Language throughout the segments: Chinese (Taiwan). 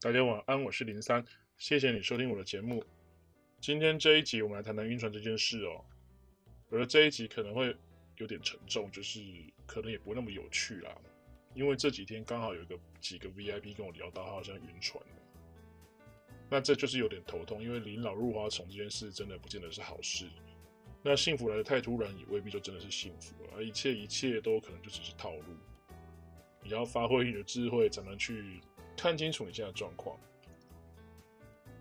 大家晚安，我是林三，謝謝你收聽我的節目。今天這一集，我們來談談暈船這件事哦。我覺得這一集可能會有點沉重，就是可能也不那麼有趣啦。因為這幾天剛好有一個幾個 VIP 跟我聊到，他好像暈船了。那這就是有點頭痛，因為“臨老入花叢”這件事真的不見得是好事。那幸福來得太突然，也未必就真的是幸福了。而一切一切都可能就只是套路。你要發揮你的智慧，怎麼去？看清楚你現在的狀況。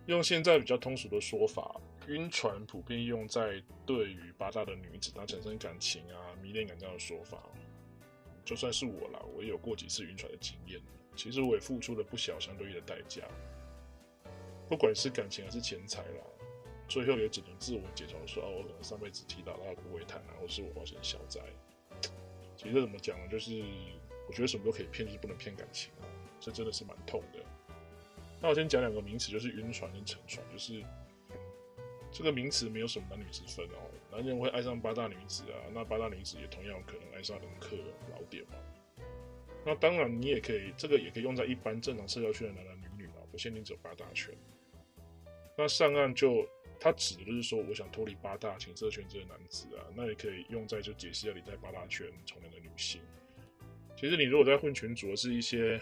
用現在比較通俗的說法，暈船普遍用在對於八大的女子，她產生感情啊、迷戀感這樣的說法。就算是我啦，我也有過幾次暈船的經驗。其實我也付出了不小相對應的代價，不管是感情還是錢財啦，最後也只能自我解嘲說：啊，我可能上輩子踢倒了骨灰罈啊，或是我化身小災。其實怎麼講呢？就是我覺得什麼都可以騙，就是不能騙感情啊。這真的是蠻痛的。那我先講兩個名詞，就是暈船跟沉船，就是這個名詞沒有什麼男女之分哦。男人會愛上八大女子啊，那八大女子也同樣可能愛上恩客老爹嘛。那當然，你也可以，這個也可以用在一般正常社交圈的男男女女啊，不限定只有八大圈。那上岸就他指的就是說，我想脫離八大情色圈之的男子啊，那也可以用在就解釋一下你在八大圈從良的女性。其實你如果在混群組，是一些。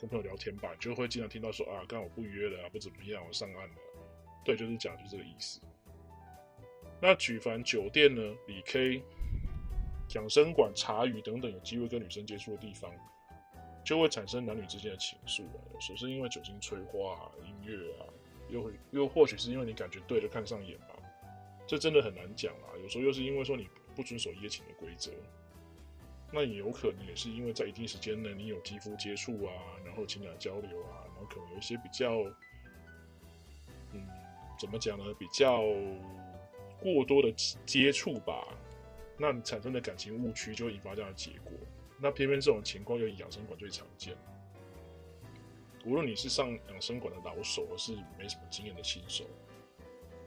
跟朋友聊天吧，就會經常聽到說啊，剛我不約了、啊，不怎麼樣，我上岸了。對，就是講就是、這個意思。那舉凡酒店呢、李 K、養生館、茶餘等等有機會跟女生接觸的地方，就會產生男女之間的情愫啊。有時候是因為酒精催化啊、音樂啊，又又或許是因為你感覺對了，看上眼吧。這真的很難講啊。有時候又是因為說你不遵守一夜情的規則。那也有可能也是因為在一定時間內，你有肌膚接觸啊，然後情感交流啊，然後可能有一些比較，嗯，怎麼講呢？比較過多的接觸吧，那你產生的感情誤區就會引發這樣的結果。那偏偏這種情況就以養生館最常見。無論你是上養生館的老手，或是沒什麼經驗的新手，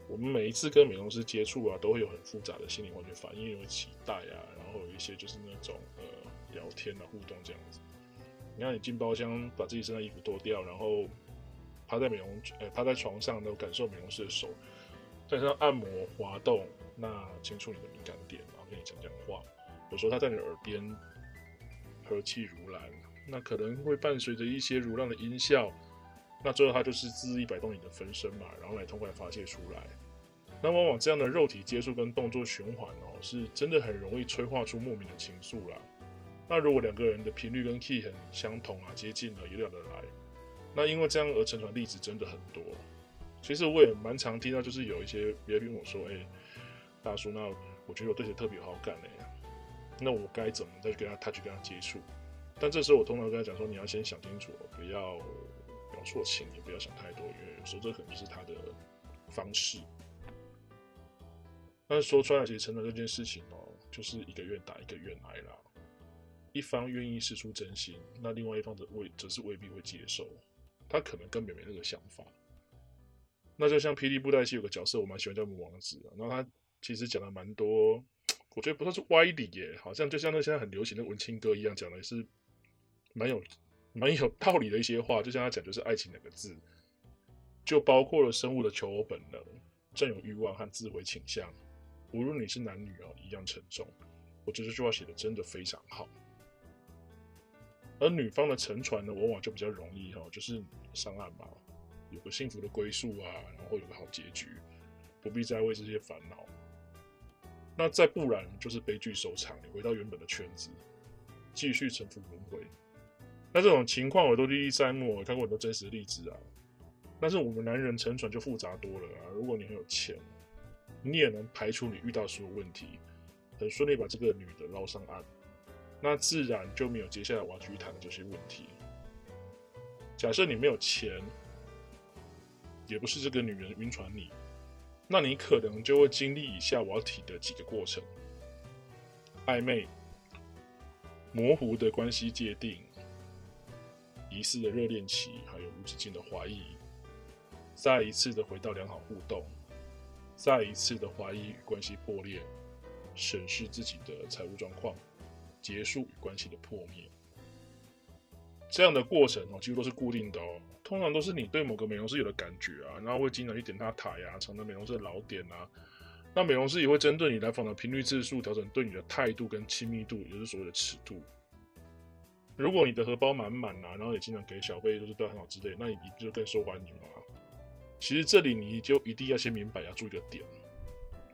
我們每一次跟美容師接觸啊，都會有很複雜的心理化學反應，有期待啊。然後有一些就是那種呃聊天啊、互動這樣子，你看你進包廂把自己身上衣服脫掉，然後趴在美容，哎，趴在床上，然後感受美容師的手在身上按摩滑動，那輕觸你的敏感點，然後跟你講講話，有時候他在你耳邊呵氣如蘭，那可能會伴隨着一些如浪的音效，那最後他就是恣意擺動你的分身嘛，然後通過來痛快發泄出來。那往往這樣的肉體接觸跟動作循環哦，是真的很容易催化出莫名的情愫啦。那如果兩個人的頻率跟 key 很相同啊、接近了，也聊得來，那因為這樣而暈船的例子真的很多。其實我也蠻常聽到，就是有一些別人跟我說：“哎、欸，大叔，那我覺得我對誰特別有好感嘞、欸，那我該怎麼再去跟他 touch、跟他接觸？”但這時候我通常跟他講說：“你要先想清楚，不要表錯情，也不要想太多，因為有時候這可能就是他的方式。”但是說出來，其實成長這件事情哦、喔，就是一個願打一個願挨啦。一方願意釋出真心，那另外一方則未則是未必會接受，他可能根本沒那個想法。那就像《霹靂布袋戲》有個角色，我蠻喜歡叫魔王子啊。那他其實講了蠻多，我覺得不算是歪理耶，好像就像那現在很流行的文青歌一樣，講的也是蠻有蠻有道理的一些話。就像他講，就是愛情兩個字，就包括了生物的求偶本能、佔有慾望和自毀傾向，無論你是男女一樣沉重。我覺得這句話寫的真的非常好。而女方的沉船呢，往往就比較容易哈，就是上岸吧，有個幸福的歸宿啊，然後有個好結局，不必再為這些煩惱。那再不然就是悲劇收場，你回到原本的圈子，繼續沉浮輪迴。那這種情況我都歷歷在目，我看過很多真實例子啊。但是我們男人沉船就複雜多了啊。如果你很有錢。你也能排除你遇到所有問題，很順利把這個女的撈上岸，那自然就沒有接下來我要去談的這些問題。假設你沒有錢，也不是這個女人暈船你，那你可能就會經歷以下我要提的幾個過程：曖昧、模糊的關係界定、疑似的熱戀期，還有無止境的懷疑，再一次的回到良好互動，再一次的懷疑與關係破裂，審視自己的財務狀況，結束與關係的破滅。這樣的過程哦，幾乎都是固定的哦。通常都是你對某個美容師有了感覺啊，然後會經常去點他的檯啊，成為美容師的老點啊。那美容師也會針對你來訪的頻率次數，調整對你的態度跟親密度，也就是所謂的尺度。如果你的荷包滿滿啊，然後也經常給小費，都是對他很好之類，那你就你就更受歡迎嘛。其實這裡你就一定要先明白，要注意一個點。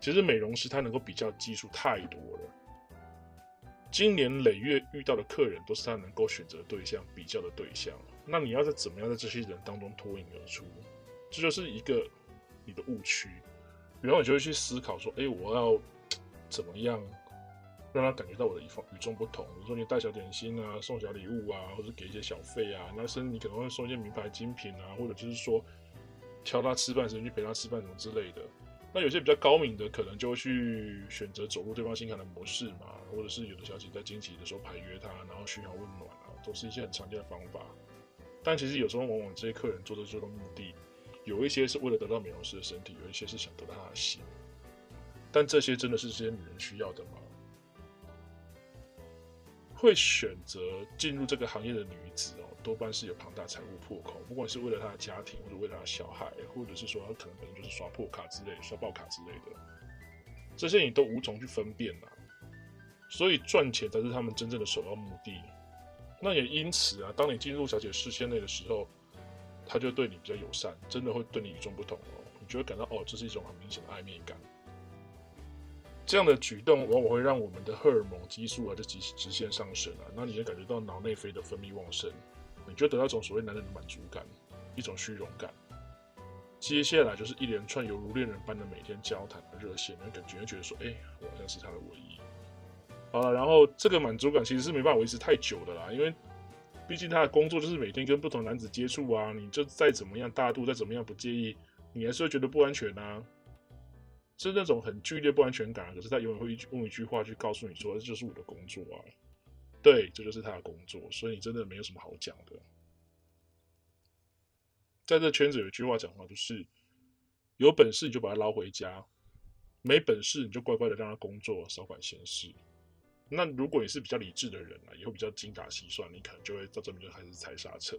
其實美容師他能夠比較技術太多了，經年累月遇到的客人都是他能夠選擇對象比較的對象。那你要在怎麼樣在這些人當中脫穎而出，這就是一個你的誤區。然後，你就會去思考說：哎，我要怎麼樣讓他感覺到我的一方與眾不同？比如說，你帶小點心啊，送小禮物啊，或者給一些小費啊，那甚至你可能會送一些名牌精品啊，或者就是說。挑他吃飯時間，去陪他吃飯什麼之類的，那有些比較高明的可能就會去選擇走入對方心坎的模式嘛，或者是有的小姐在經期的時候排約他，然後噓寒問暖啊，都是一些很常見的方法。但其實有時候往往這些客人做的最終目的，有一些是為了得到美容師的身體，有一些是想得到他的心。但這些真的是這些女人需要的嗎？會選擇進入這個行業的女子哦。多半是有龐大財務破口，不管是為了他的家庭，或者為了他的小孩，或者是說他可能可能就是刷破卡之類，刷爆卡之類的，這些你都無從去分辨了，啊。所以賺錢才是他們真正的首要目的。那也因此啊，當你進入小姐視線內的時候，他就對你比較友善，真的會對你與眾不同哦。你就會感到哦，這是一種很明顯的曖昧感。這樣的舉動往往會讓我們的荷爾蒙激素啊就直直線上升啊，那你就感覺到腦內啡的分泌旺盛。你就得到一種所謂男人的滿足感，一種虛榮感。接下來就是一連串猶如戀人般的每天交談熱線，你會感覺就覺得說，哎、欸，我好像是他的唯一。好了，然後這個滿足感其實是沒辦法維持太久的啦，因為畢竟他的工作就是每天跟不同男子接觸啊。你就再怎麼樣大度，再怎麼樣不介意，你還是會覺得不安全啊，是那種很劇烈不安全感，可是他永遠會用一句話去告訴你說，這就是我的工作啊。對，這就是他的工作，所以你真的沒有什麼好講的。在這圈子有一句話講的，就是有本事你就把他撈回家，沒本事你就乖乖的讓他工作，少管閒事。那如果你是比較理智的人啊，也會比較精打細算，你可能就會到這邊就開始踩剎車。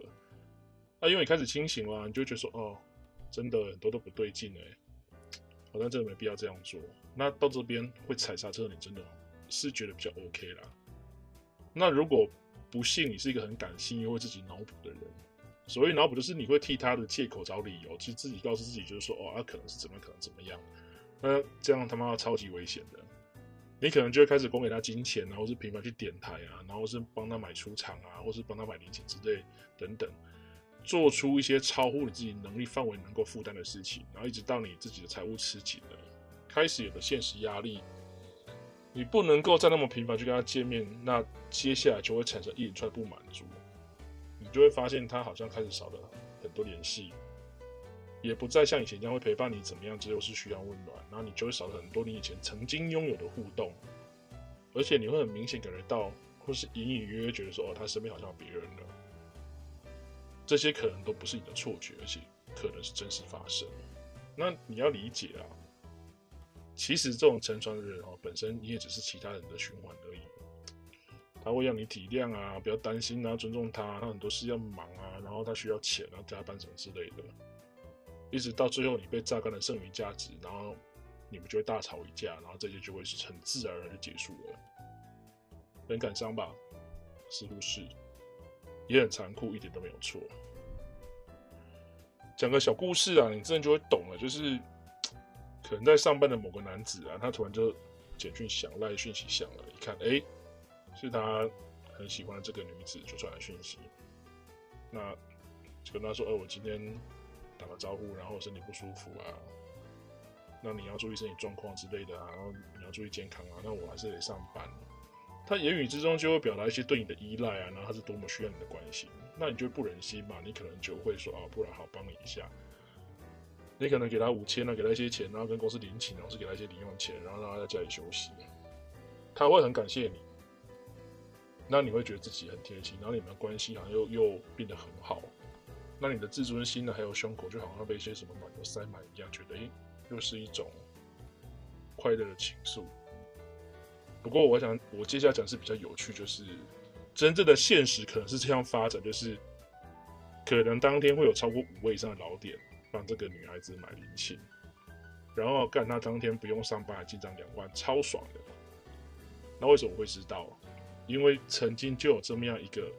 那、啊、因為你開始清醒了、啊，你就會覺得說哦，真的很多都不對勁哎、欸，好、哦、像真的沒必要這樣做。那到這邊會踩剎車，你真的是覺得比較 OK 啦。那如果不幸你是一個很感性又會自己腦補的人，所謂腦補就是你會替他的借口找理由，其實自己告訴自己就是說哦，他、啊、可能是怎麼可能怎麼樣，那這樣他媽的超級危險的，你可能就會開始供給他金錢，然後是頻繁去點台呀、啊，然後是幫他買出場啊，或是幫他買禮品之類等等，做出一些超乎你自己能力範圍能夠負擔的事情，然後一直到你自己的財務吃緊了，開始有了現實壓力。你不能夠再那麼頻繁去跟他見面，那接下來就會產生一連串不滿足，你就會發現他好像開始少了很多聯繫，也不再像以前一樣會陪伴你怎麼樣，只有是噓寒問暖，那你就會少了很多你以前曾經擁有的互動，而且你會很明顯感覺到，或是隱隱約約覺得說，哦，他身邊好像有別人了，這些可能都不是你的錯覺，而且可能是真實發生，那你要理解啊。其實這種暈船的人哦，本身你也只是其他人的循環而已。他會讓你體諒啊，不要擔心啊，尊重他啊，他很多事要忙啊，然後他需要錢啊，加班什麼之類的。一直到最後，你被榨乾了剩餘價值，然後你們就會大吵一架，然後這些就會是很自然而然就結束了。很感傷吧？似乎是，也很殘酷，一點都沒有錯。講個小故事啊，你真的就會懂了，就是。可能在上班的某個男子啊，他突然就簡訊響、賴訊 息響了，一看，哎、欸，是他很喜歡這個女子就傳來訊息，那就跟他說，呃、欸，我今天打個招呼，然後我身體不舒服啊，那你要注意身體狀況之類的啊，然後你要注意健康啊，那我還是得上班。他言語之中就會表達一些對你的依賴啊，然後他是多麼需要你的關心，那你就不忍心嘛，你可能就會說，哦、啊，不然好幫你一下。你可能給他五千啊，給他一些錢，然後跟公司領情，然後是給他一些零用錢，然後讓他在家裡休息。他會很感謝你，那你會覺得自己很貼心，然後你們的關係好像又又變得很好。那你的自尊心呢，還有胸口就好像被一些什麼滿都塞滿一樣，覺得哎，又是一種快樂的情愫。不過，我想我接下來講的是比較有趣，就是真正的現實可能是這樣發展，就是可能當天會有超過五位以上的老點。讓這個女孩子買零錢，然後幹她當天不用上班還進賬兩萬，超爽的。那為什麼我會知道？因為曾經就有這麼樣一個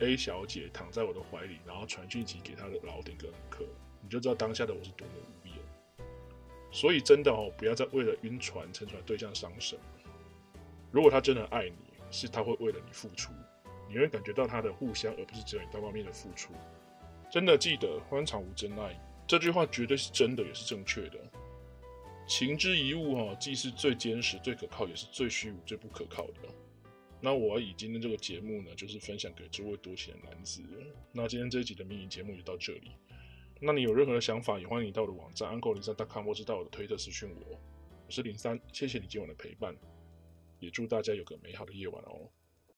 A 小姐躺在我的懷裡，然後傳訊息給她的老頂跟客，你就知道當下的我是多麼無言。所以真的哦，不要再為了暈船、乘船對象傷神。如果她真的愛你，是她會為了你付出，你會感覺到她的互相，而不是只有你單方面的付出。真的記得“歡場無真愛”這句話，絕對是真的，也是正確的。情之一物哈，既是最堅實、最可靠，也是最虛無、最不可靠的。那我以今天這個節目呢，就是分享給諸位多情的男子。那今天這一集的迷你節目就到這裡。那你有任何的想法，也歡迎你到我的網站 uncle 零三 .com，或者到我的推特私訊我。我是零三，謝謝你今晚的陪伴，也祝大家有個美好的夜晚哦。